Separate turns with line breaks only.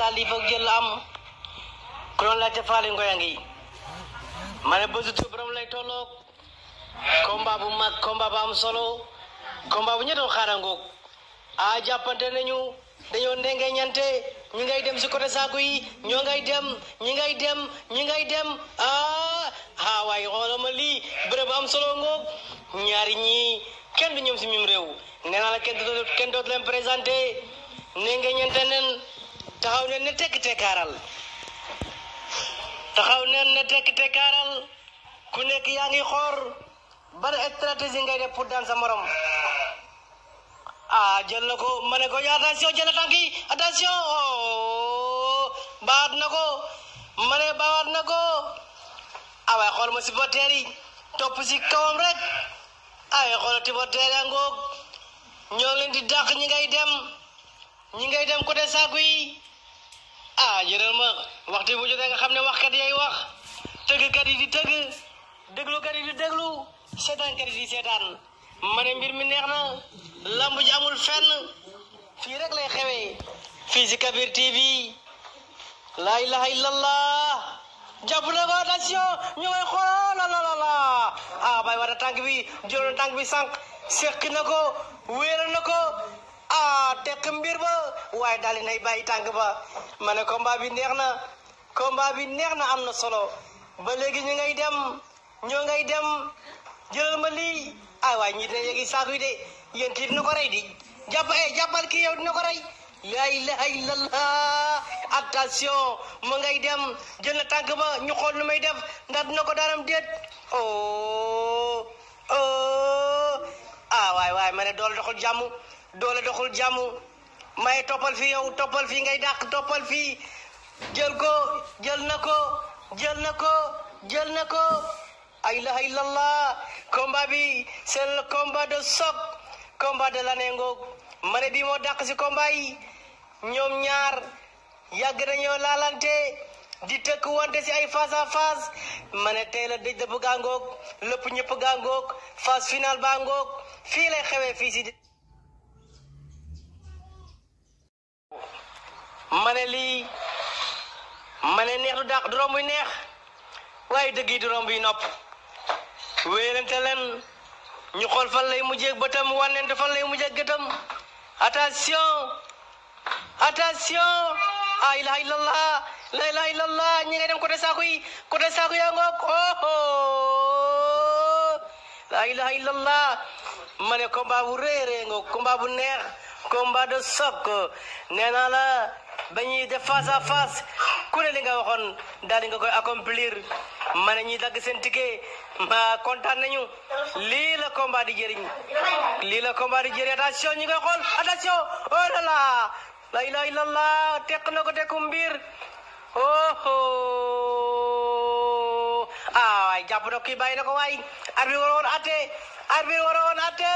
taalif ak jël la am ku doon laajte faali ngoya ngi ma ne bésu tur borom bu mag combat bu am solo komba bu ñettoo xaarangoog a jàppante nañu dañoo ndenge ñante ñi ngay dem si côté saaku yi ñoo ngay dem ñi ngay dem ñi ngay dem ah ah waaye xoolama lii bërëb am solo ngoog ñaari ñii kenn du ñoom si mim réew nee naa la kenn dootu leen présenté ndenge ñante nen taxaw neen ne tekk tekkaaral taxaw neen ne tekk tekkaaral ku nekk yaa ngi xoor ban stratégie ngay def pour daan sa morom a ah, jël na ko ma ne ko attention jël na tànk oh, na ko ma ne baat na ko ah waaye xool ma supporter yi topp si kawam rek ah, ay xool supporter yaa ngoog ñoo leen di dàq ñi ngay dem ñi ngay dem côté saaku yi ah jëral ma waxtu bu jotee nga xam ne waxkat yay wax tëggkat yi di tëgg déglukat yi di déglu seetaankat yi di seetaan ma mbir mi neex na lamb ji amul fenn fii rek lay xewee Kabir TV laa ilaha illallah jàpp na ko ñu ngay xooloo la la la ah bay war a tànk bi jëloon tànk bi sànq seqi na ko wéeral na ah tekk mbir ba waaye daal nay bàyyi tànk ba ma ne combat bi neex na combat bi neex na am na solo ba léegi ñu ngay dem ñoo ngay dem jëlal ma lii ay waay ñi dina yegi saako yi de yéen kii ko rey di jàpp eh jàppal kii yow dina ko rey laa ilaha illallah attention mu ngay dem jël na tànk ba ñu xool nu may dem ndax na ko daanam déet oh oh ah waay waay ma ne doole doxul jàmm doole doxul jàmm may toppal fii yow toppal fii ngay dàq toppal fii jël ko jël na ko jël na ko jël na ko ay ilaha illallah combat bi c'est le combat de choc combat de l'année ngoog ma ne moo dàq si combat yi ñoom ñaar yàgg nañoo lalante di tëkk wante si ay face à face ma ne tey la dëj dëpp gaa ngoog lépp ñëpp gaa ngoog phase finale baa ngoog fii si mane lii mane ne neex du dàq du romb neex waaye dëgg yi du romb yi nopp wéerante leen ñu xool fan lay mujjee bëtam wànnente fan lay mujjee gëtam attention attention ah ilaha illallah la ilaha illallah ñi ngay dem côté saako yi côté saako yaa ngoog oh la ilaha illallah ma ne combat bu réeree ngoog combat bu neex combat de soq nee naa la ba ñuy def face à face ku ne li nga waxoon daal nga koy accomplir ma ne ñuy dagg seen ticket ma kontaan nañu lii la combat di lii la combat di ñi nga xool attention oh là là la ilaha illallah teq na ko teku mbir oh, oh ah waay jàpp na kii bàyyi na ko waay arbitre waroon atte arbitre waroon atte